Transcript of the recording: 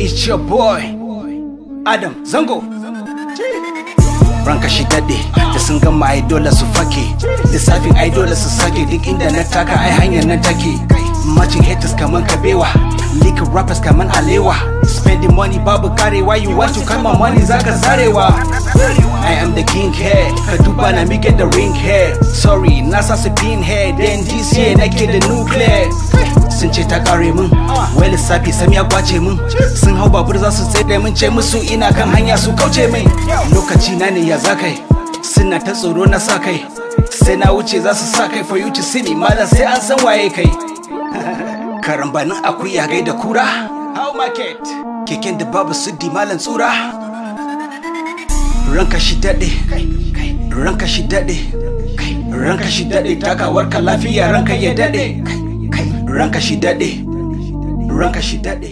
It's your boy, Adam Zango. Ranka shi daɗe, da sun gama idola su fake. Lissafin ai dole su sake duk inda na taka ai hanyar na take. Matching haters kaman kabewa, leak rappers kaman alewa. Spending money babu karewa, you want to kama money zaka zarewa. I am the king here, ka duba na mi get the ring here. Sorry, nasa su pin here, then this year nake da nuclear. sun ce ta kare mun wai lissafi sam ya kwace min sun hau babur za su tsaye min ce musu ina kan hanya su kauce min lokaci na ne ya zakai suna ta tsoro na sa kai sai na wuce za su sa kai for you to see me malam sai an san waye kai karambanin akuya gai da kura how market keken da babu suddi malam tsura ranka shi daɗe ranka shi daɗe ranka shi daɗe takawar ka lafiya ranka ya daɗe ranka shi daɗe ranka shi daɗe